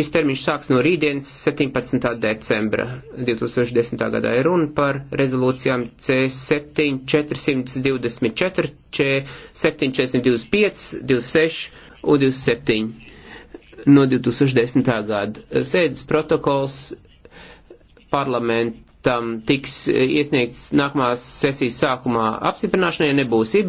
Šis termiņš sāks no rītdienas 17. decembra 2010. gadā ir runa par rezolūcijām C7424, C7425, 26 un 27 no 2010. gada. Sēdes protokols parlamentam tiks iesniegts nākamās sesijas sākumā apstiprināšanai, nebūs ibil.